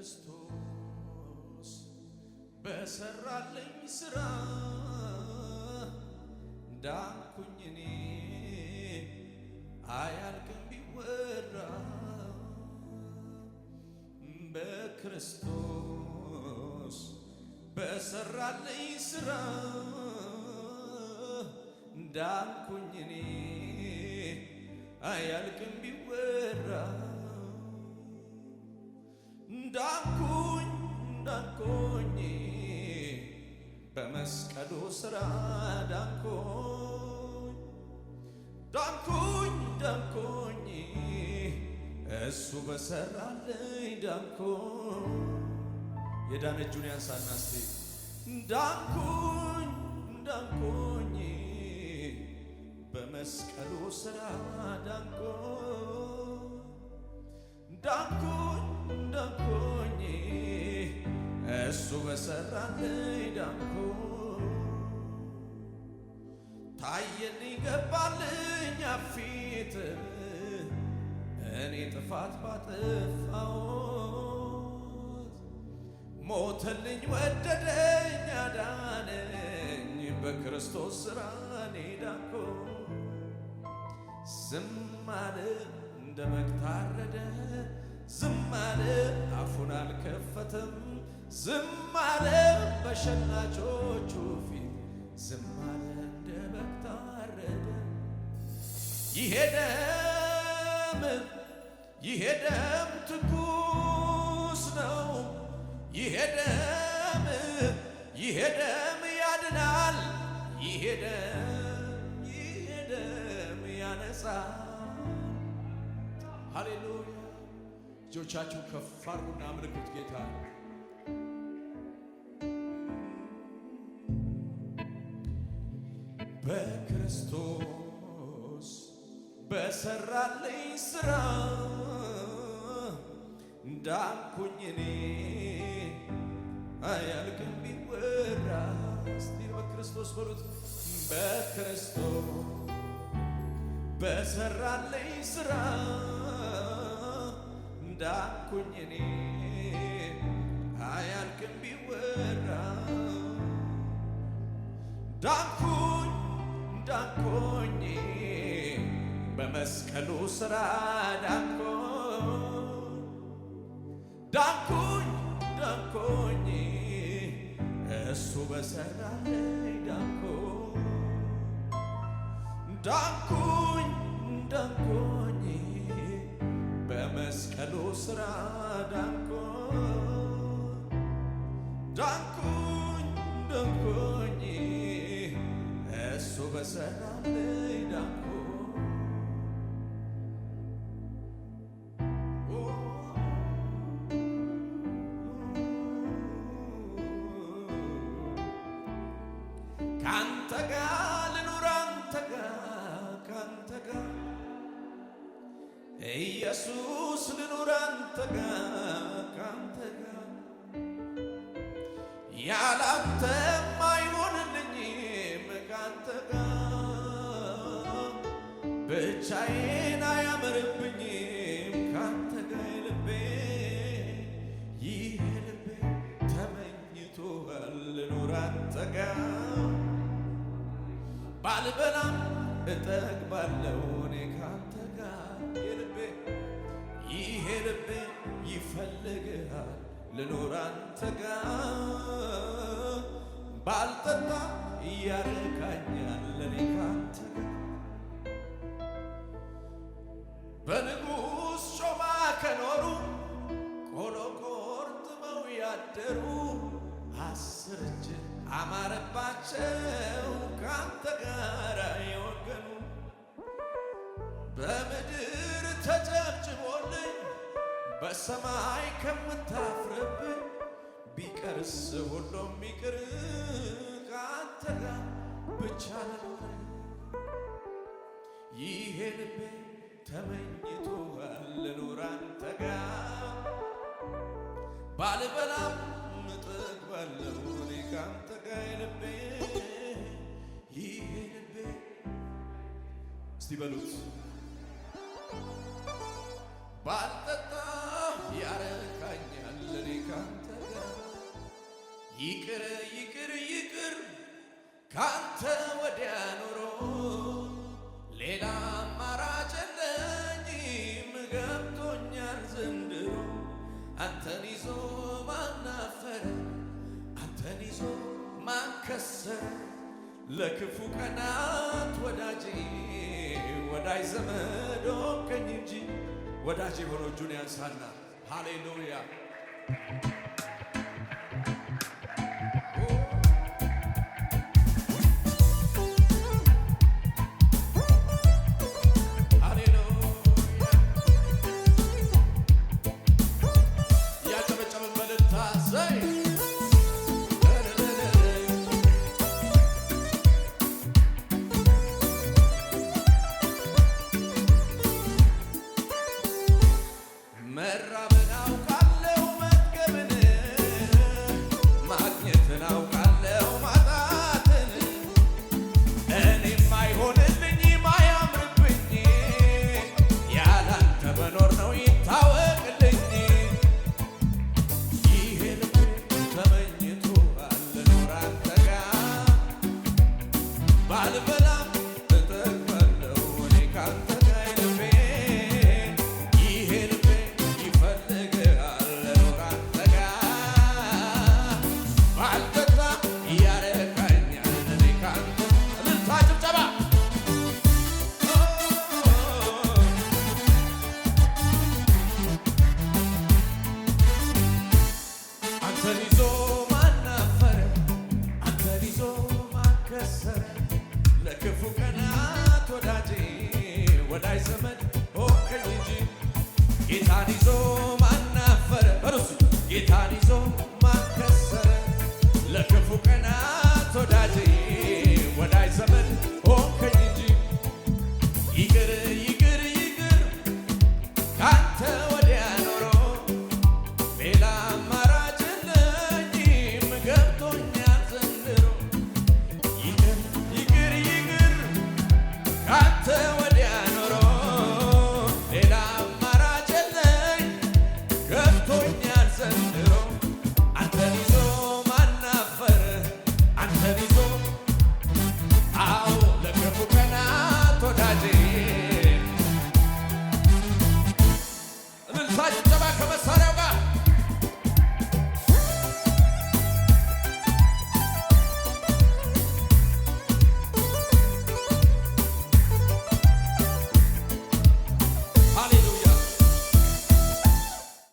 ክርስቶስ በሰራለኝ ስራ ዳንኩኝ እኔ አያልቅም ቢወራ በክርስቶስ በሰራለኝ ስራ ዳንኩኝ እኔ አያልቅም ቢወራ እንዳልኩኝ እንዳልኩኝ በመስቀሉ ስራ ዳንኩኝ ዳንኩኝ ዳንኩኝ እሱ በሰራልኝ ዳንኩኝ የዳነ እጁን ያንሳና እስቲ ዳንኩኝ ዳንኩኝ በመስቀሉ ስራ ዳንኩኝ ዳንኩኝ ዳንኩኝ እሱ በሰራልኝ ዳንኩ ታየልኝ ገባልኝ አፊት እኔ ጥፋት ባጠፋሁት ሞተልኝ ወደደኝ አዳነኝ በክርስቶስ ስራኔ ዳንኩ ዝም አለ እንደ በግ ታረደ ዝም አለ፣ አፉን አልከፈተም። ዝም አለ በሸላቾቹ ፊት ዝም አለ፣ እንደ በግ ታረደ። ይሄ ደም ይሄ ደም ትኩስ ነው። ይሄ ደም ይሄ ደም ያድናል። ይሄ ደም ይሄ ደም ያነጻል። ሃሌሉያ እጆቻችሁ ከፍ አድርጉና አምልኩት ጌታ በክርስቶስ በሰራልኝ ስራ እንዳንኩኝ እኔ አያልቅም ቢወራ። እስቲ በክርስቶስ በሉት። በክርስቶስ በሰራልኝ ስራ ዳንኩኝ እኔ አያልቅም ቢወራ ዳንኩኝ ዳንኩኝ በመስቀሉ ስራ ዳንኩኝ ዳንኩኝ ዳንኩኝ እሱ በሰራለኝ ዳንኩኝ ዳንኩኝ ዳንኩኝ ከመስቀሉ ስራ ዳንኮ ዳንኩኝ ዳንኩኝ እሱ በሰላም ላይ ዳንኩ ኢየሱስ ልኑር አንተ ጋር ካንተ ጋር ያላንተ ማይሆንልኝም ካንተ ጋር ብቻዬን አያምርብኝም ካንተ ጋር ልቤ ይህ ልቤ ተመኝቶሃል ልኑር አንተ ጋር ባልበላም እጠግባለሁ እኔ ካንተ ጋር ልቤ ይፈልግሃል ልኖር አንተ ጋር ባልጠጣ እያረካኛል ለኔ ካንተ በንጉሥ ጮማ ከኖሩ ቆሎ ቆርጥመው ያደሩ አስር እጅ አማረባቸው ካንተ ጋር የወገኑ በምድር ተጨ በሰማይ ከምታፍርብን ቢቀርስ ሁሉም ይቅር ከአንተ ጋር ብቻ ለኖረ ይሄ ልቤ ተመኝቶ ልኑር አንተ ጋር ባልበላም ምጥቅ እኔ ከአንተ ጋር ልቤ ይሄ ልቤ እስቲ በሉት ባልጠጣ ያረካኛል እኔ ካንተ ጋር ይቅር ይቅር ይቅር ካንተ ወዲያ ኑሮ ሌላ አማራጭ የለኝም ገብቶኛል ዘንድሮ አንተን ይዞ ማናፈረ አንተን ይዞ ማከሰረ ለክፉ ቀናት ወዳጄ ወዳጅ ዘመዶ ወዳጅ የሆነ እጁን ያንሳና ሃሌሉያ መኖር ነው ይዞ ማናፈረ ጌታን ይዞ ማከሰረ ለክፉ ቀን